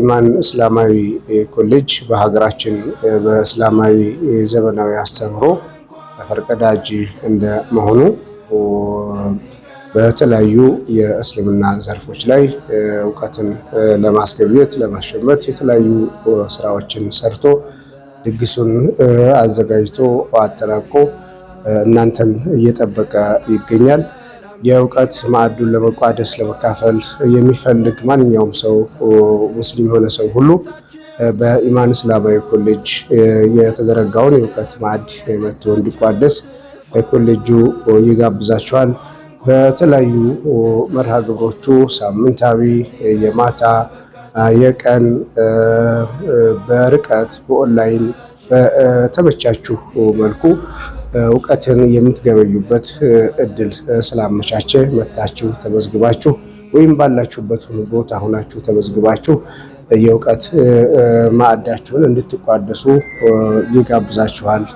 ኢማን እስላማዊ ኮሌጅ በሀገራችን በእስላማዊ ዘመናዊ አስተምሮ ፈርቀዳጅ እንደመሆኑ በተለያዩ የእስልምና ዘርፎች ላይ እውቀትን ለማስገብየት ለማሸመት የተለያዩ ስራዎችን ሰርቶ ድግሱን አዘጋጅቶ አጠናቆ እናንተን እየጠበቀ ይገኛል። የእውቀት ማዕዱን ለመቋደስ ለመካፈል የሚፈልግ ማንኛውም ሰው ሙስሊም የሆነ ሰው ሁሉ በኢማን እስላማዊ ኮሌጅ የተዘረጋውን የእውቀት ማዕድ መጥቶ እንዲቋደስ ኮሌጁ ይጋብዛቸዋል። በተለያዩ መርሃ ግብሮቹ ሳምንታዊ፣ የማታ፣ የቀን፣ በርቀት፣ በኦንላይን በተመቻችሁ መልኩ እውቀትን የምትገበዩበት እድል ስላመቻቸ መታችሁ ተመዝግባችሁ ወይም ባላችሁበት ቦታ ሁናችሁ ተመዝግባችሁ የእውቀት ማዕዳችሁን እንድትቋደሱ ይጋብዛችኋል።